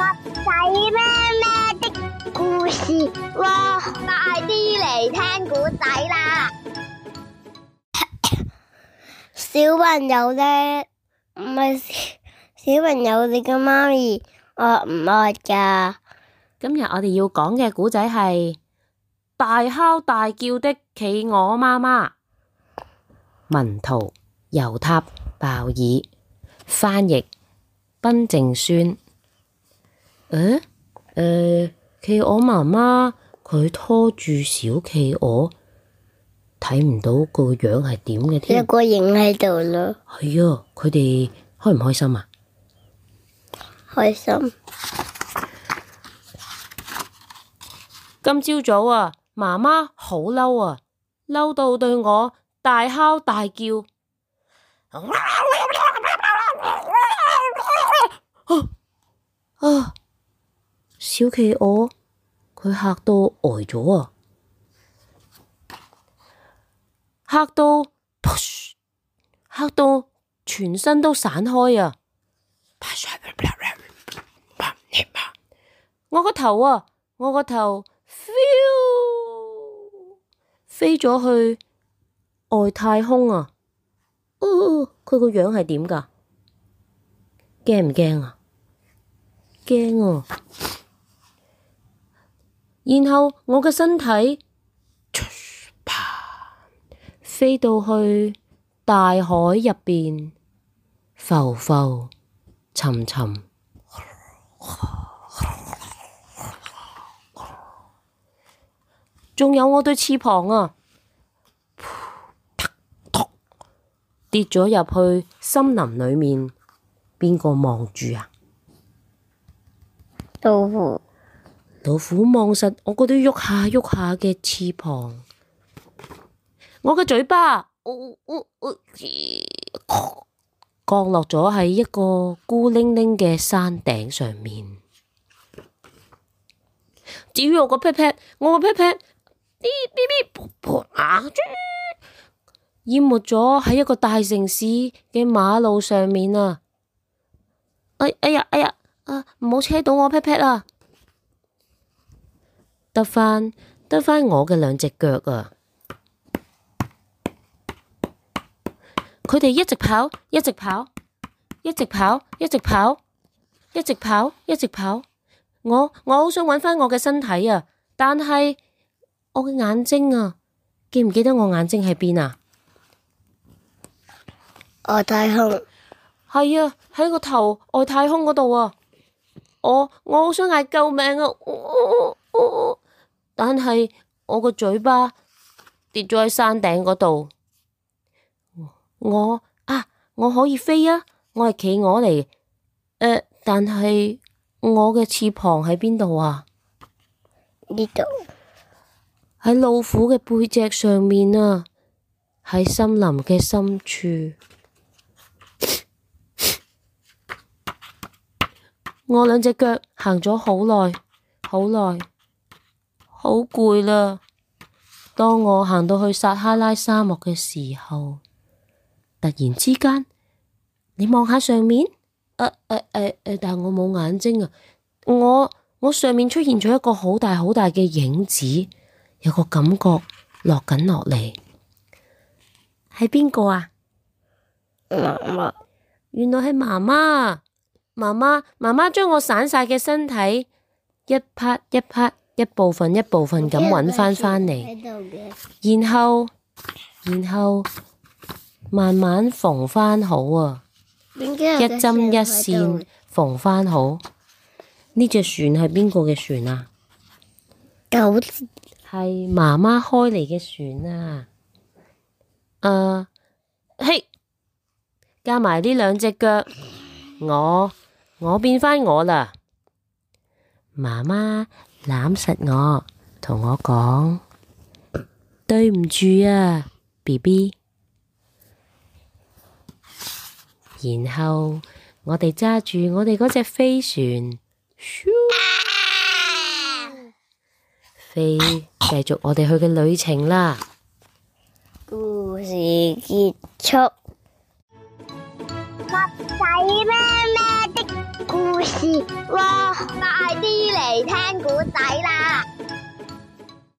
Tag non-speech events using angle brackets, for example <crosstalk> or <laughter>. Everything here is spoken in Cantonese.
仔咩咩的故事喎，快啲嚟聽古仔啦！小朋友咧，唔係小朋友，你嘅媽咪惡唔惡噶？今日我哋要講嘅古仔係大吼大叫的企鵝媽媽。文圖：尤塔鮑爾，翻譯：賓靜蓀。誒，誒、欸，企鵝媽媽佢拖住小企鵝，睇唔到個樣係點嘅添。一個影喺度咯。係啊，佢哋開唔開心啊？開心。今朝早，早啊，媽媽好嬲啊，嬲到對我大吼大叫。啊小企鵝，佢嚇到呆咗啊！嚇到，嚇到，全身都散開啊！ <laughs> 我個頭啊，我個頭 <laughs> 飛咗去外太空啊！哦，佢個樣係點噶？驚唔驚啊？驚啊！然後我嘅身體，啪，飛到去大海入邊，浮浮沉沉。仲有我對翅膀啊，撲突，跌咗入去森林裏面，邊個望住啊？豆腐。老虎望實我嗰啲喐下喐下嘅翅膀。我嘅嘴巴，降落咗喺一個孤零零嘅山頂上面。至於我個 pat pat，我個 pat pat，嗶嗶嗶，噗噗啊，淹沒咗喺一個大城市嘅馬路上面啊！哎哎呀哎呀，哎呀啊，唔好車到我 pat pat 啊！得返，得返我嘅兩隻腳啊！佢哋一直跑，一直跑，一直跑，一直跑，一直跑，一直跑。我我好想搵返我嘅身體啊！但係我嘅眼睛啊，記唔記得我眼睛喺邊啊，外啊？外太空係啊，喺個頭外太空嗰度啊！我我好想嗌救命啊！我我我。但係我個嘴巴跌咗喺山頂嗰度，我啊，我可以飛啊，我係企鵝嚟，誒、呃，但係我嘅翅膀喺邊度啊？呢度喺老虎嘅背脊上面啊，喺森林嘅深處， <laughs> 我兩隻腳行咗好耐，好耐。好攰啦！當我行到去撒哈拉沙漠嘅時候，突然之間，你望下上面，誒誒誒誒，但係我冇眼睛啊！我我上面出現咗一個好大好大嘅影子，有個感覺落緊落嚟，係邊個啊？媽媽，原來係媽媽，媽媽媽媽將我散晒嘅身體一拍一拍。一部分一部分咁搵翻返嚟，然後然後慢慢縫返好啊，一針一線縫返好。呢隻船係邊個嘅船啊？九子，係媽媽開嚟嘅船啊！啊，嘿，加埋呢兩隻腳，我我變返我啦，媽媽。攬實我，同我講對唔住啊，BB。然後我哋揸住我哋嗰隻飛船咻飛，繼續我哋去嘅旅程啦。故事結束。大姨媽。故事，哇，快啲嚟聽故仔啦！